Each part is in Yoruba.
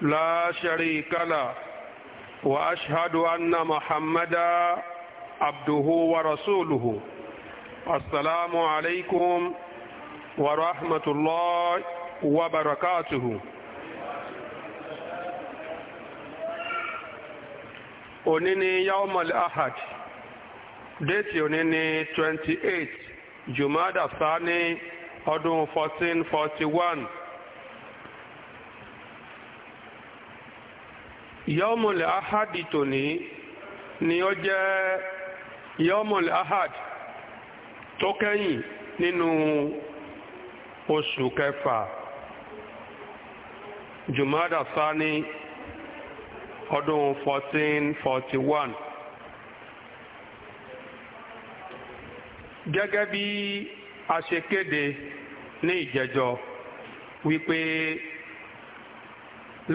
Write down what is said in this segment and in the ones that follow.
لا شريك له وأشهد أن محمدا عبده ورسوله السلام عليكم ورحمة الله وبركاته onini yaumal ahad date onini twenty eight jumada sani ọdún fourteen forty one yọ́mùlẹ̀ ahadi tòní ni ó jẹ́ yọ́mùlẹ̀ ahad tó kẹ́yìn nínú oṣù kẹfà jùmọ́dà sáni ọdún 1441 gẹ́gẹ́ bí a ṣe kéde ní ìjẹjọ wípé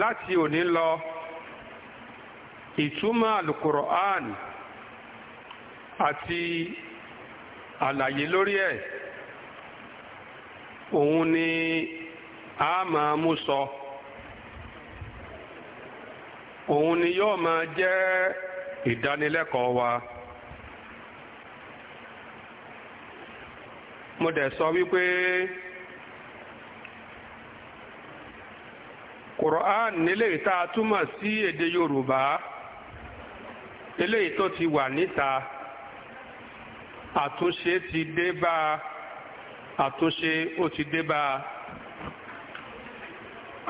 láti òní ìtumọ̀ alukur'an àti àlàyé lórí ẹ̀ òun ni a máa mú sọ òun ni yóò máa jẹ́ ìdánilẹ́kọ̀ọ́ wa. mo dẹ̀ sọ wípé Qur'an nílé ìta túmọ̀ sí èdè Yorùbá. Si eléyìí tó ti wà níta àtúnṣe ti dé bá àtúnṣe ó ti dé bá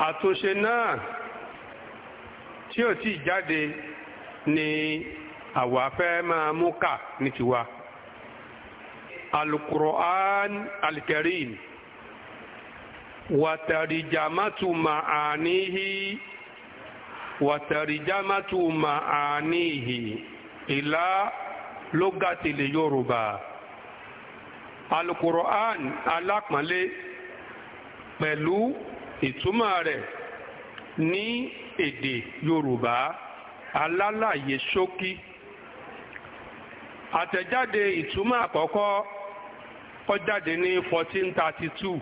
àtúnṣe náà tí ò tí jáde ni àwa fẹ́ máa mú kà ní tiwa alukur'an alkarim wàtàríjàmátùmá àníhìí wàtẹ̀rìjámátù màáníhì ìlà lógàtìlẹ̀ yorùbá alukur'an alápọ̀nlé pẹ̀lú ìtumọ̀ rẹ̀ ní èdè yorùbá alálàyé ṣókí àtẹ̀jáde ìtumọ̀ àkọ́kọ́ ó jáde ní 1432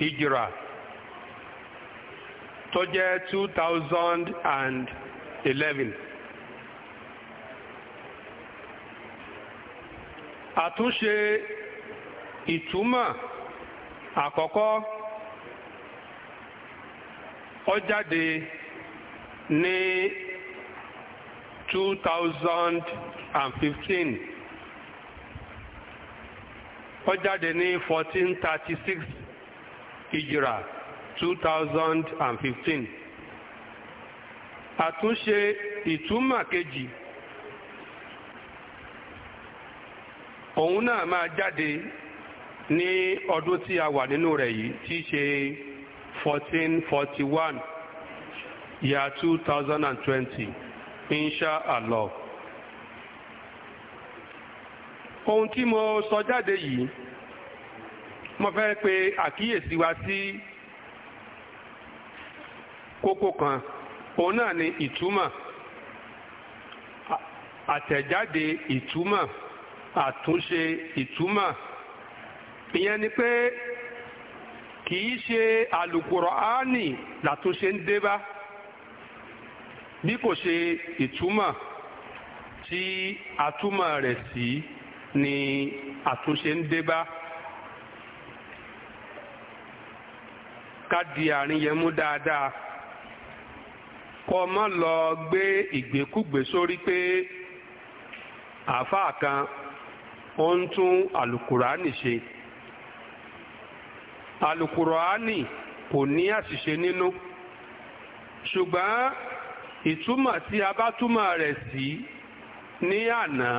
hijra tó jẹ́ two thousand and eleven. àtúnṣe ìtumọ̀ àkọ́kọ́ ó jáde ní two thousand and fifteen ó ní fourteen thirty six ìjìrà. 2015 àtúnṣe ìtumọ̀ kejì òun náà máa jáde ní ọdún tí a wà nínú rẹ̀ yìí tí í ṣe 1441 yà 2020 insha Allah ohun tí mo sọ jáde yìí mo fẹ́ pe àkíyèsí wa sí si kókó kan òun náà ni ìtumọ̀ àtẹ̀jáde ìtumọ̀ àtúnṣe ìtumọ̀ ìyẹn ni pé kìí ṣe àlùkùránì làtúnṣe ń dé bá bí kò ṣe ìtumọ̀ tí àtúmọ̀ rẹ̀ sí ni àtúnṣe ń dé bá ká di àárín dáadáa kọ́ mọ́ lọ gbé ìgbékúgbé sórí pé àáfàá kan ó ń tún àlùkùránì ṣe àlùkùránì kò ní àṣìṣe nínú ṣùgbọ́n ìtumọ̀ tí a bá túmọ̀ rẹ̀ sí ní àná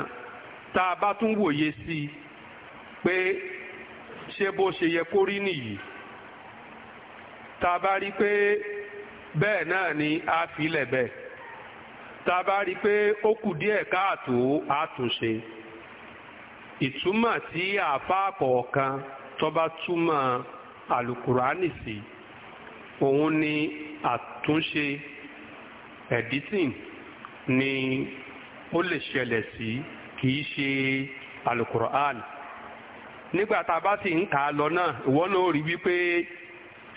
tá a bá tún wòye sí i pé ṣé bó ṣe yẹ kó rí nìyí tá a bá rí pé bẹ́ẹ̀ náà ni a fi lẹ̀ bẹ́ẹ̀ tá a bá rí i pé ó kù díẹ̀ káàtó àtúnṣe ìtumọ̀ tí àáfàá kọ̀ọ̀kan tó túmọ̀ àlùkùránì sí òun ni àtúnṣe editing ni ó lè ṣẹlẹ̀ sí kì í ṣe àlùkùránì nígbà tá a bá sì ń kà á lọ náà ìwọ náà rí wípé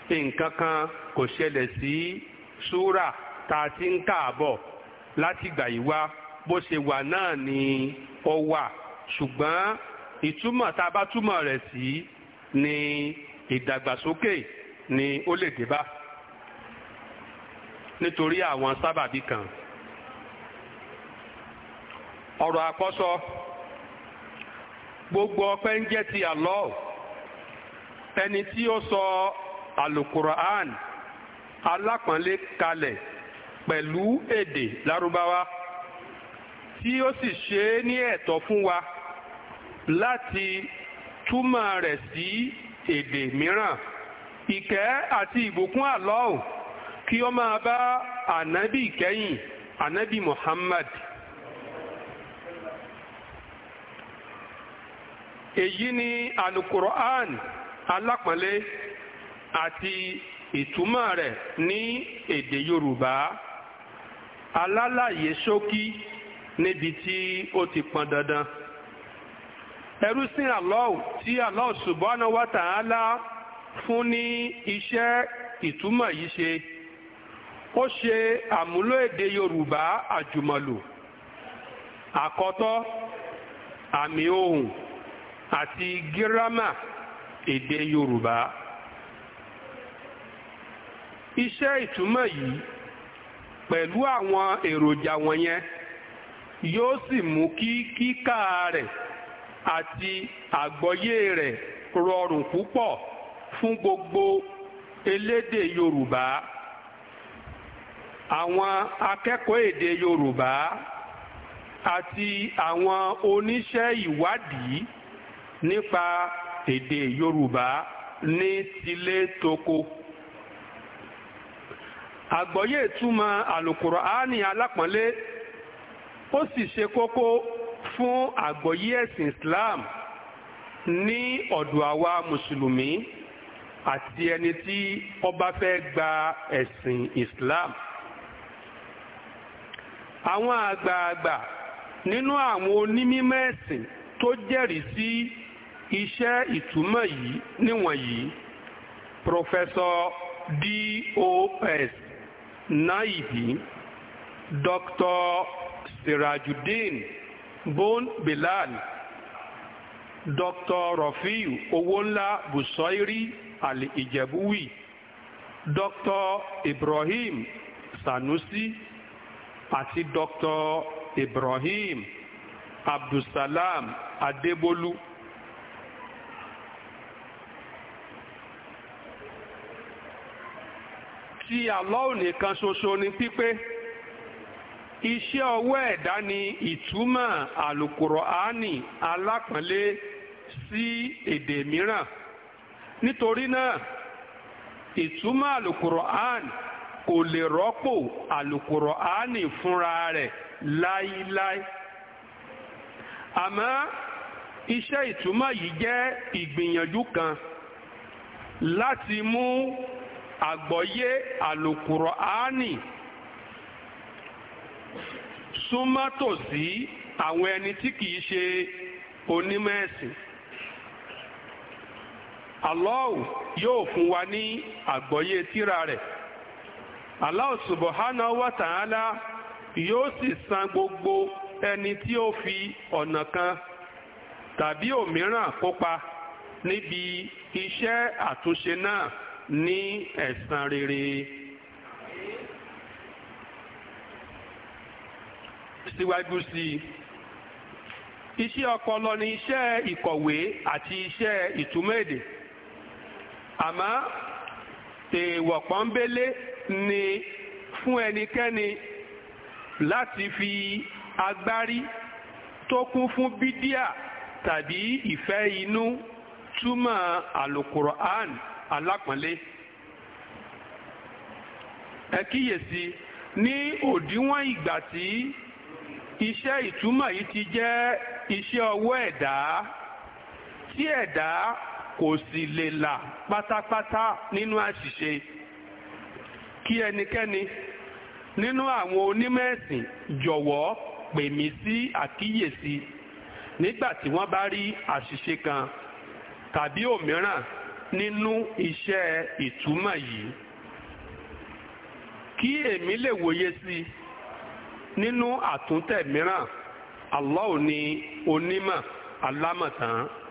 nǹkan kan kò ṣẹlẹ̀ sí súrà tá a ti ń kààbọ̀ látìgbà yìí wá bó ṣe wà náà ni ó wà ṣùgbọ́n ìtumọ̀ tá a bá túmọ̀ rẹ̀ sí ni ìdàgbàsókè ni ó lè dé bá nítorí àwọn sábàbí kan ọ̀rọ̀ àkọ́sọ gbogbo ọpẹ́ ń jẹ́ ti Allah ẹni tí ó sọ alukura'an alápọ̀nlé kalẹ̀ pẹ̀lú èdè lárúbáwá tí ó sì ṣe é ní ẹ̀tọ́ fún wa láti túmọ̀ rẹ̀ sí èdè mìíràn ìkẹ́ àti ìbùkún àlọ́ọ̀ kí ó máa bá ànábì kẹ́yìn ànábì Muhammad èyí ni alukura'an alápọ̀nlé àti ìtumọ̀ rẹ̀ ní èdè Yorùbá alálàyé ṣókí níbi tí ó ti pọn dandan ẹrúsìn Allah tí Allah subhanahu wa ta'ala fún ní iṣẹ́ ìtumọ̀ yìí ṣe ó ṣe àmúlò èdè Yorùbá àjùmọ̀lò àkọ́tọ́ àmì ohùn àti gírámà èdè Yorùbá iṣẹ́ ìtumọ̀ yìí pẹ̀lú àwọn èròjà wọ̀nyẹn yóò sì mú kí kíkà rẹ̀ àti àgbọ́yé rẹ̀ rọrùn púpọ̀ fún gbogbo elédè Yorùbá àwọn akẹ́kọ̀ọ́ èdè Yorùbá àti àwọn oníṣẹ́ ìwádìí nípa èdè Yorùbá ní tilé toko àgbọ́yé ìtumọ̀ àlùkùránì alápọ̀nlé ó sì ṣe kókó fún àgbọ́yé ẹ̀sìn Islam ní ọ̀dọ̀ àwa mùsùlùmí àti ẹni tí ó fẹ́ gba ẹ̀sìn Islam àwọn àgbààgbà nínú àwọn onímímọ́ ẹ̀sìn tó jẹ́rìí sí iṣẹ́ ìtumọ̀ yìí níwọ̀nyí Professor D.O.S naibi dr sirajuddin bon bilal dr rafiu owónlá busoiri al-ijebuwi dr ibrahim sanusi àti dr ibrahim abdulsalam adebolu. ti Allah nìkan ṣoṣo ni pípé iṣẹ́ ọwọ́ ẹ̀dá ni ìtumọ̀ àlùkùránì alápọ̀nlé sí èdè mìíràn nítorí náà ìtumọ̀ àlùkùránì kò lè rọ́pò àlùkùránì fúnra rẹ̀ láíláí àmọ́ iṣẹ́ ìtumọ̀ yìí jẹ́ ìgbìyànjú kan láti mú àgbọ́yé àlùkùránì súnmọ́ tòsí àwọn ẹni tí kìí ṣe onímọ̀ ẹ̀sìn. Allah yóò fún wa ní àgbọ́yé tírà rẹ, Allah subhanahu wa ta'ala yóò sì san gbogbo ẹni tí ó fi ọ̀nà kan tàbí òmíràn kópa níbi iṣẹ́ àtúnṣe náà. ní ẹ̀san rere. síwájú sí i iṣẹ́ ọpọlọ ni iṣẹ́ ìkọ̀wé àti iṣẹ́ ìtumọ̀ èdè àmọ́ èèwọ̀ pọ́nbélé ni fún ẹnikẹ́ni láti fi agbárí tó kún fún bídíà tàbí ìfẹ́ inú túmọ̀ àlùkùrọ̀ ánì alápọ̀nlé ẹ kíyèsí ní òdiwọ̀n ìgbà tí iṣẹ́ ìtumọ̀ yìí ti jẹ́ iṣẹ́ ọwọ́ ẹ̀dá tí ẹ̀dá kò sì lè là pátápátá nínú àṣìṣe kí ẹnikẹ́ni nínú àwọn onímọ̀ ẹ̀sìn jọ̀wọ́ pè mí sí àkíyèsí nígbà tí wọ́n bá rí àṣìṣe kan tàbí òmíràn nínú iṣẹ́ ìtumọ̀ yìí kí èmi lè wòye sí nínú àtúntẹ̀ mìíràn Allah ò ní onímọ̀ alámọ̀tán.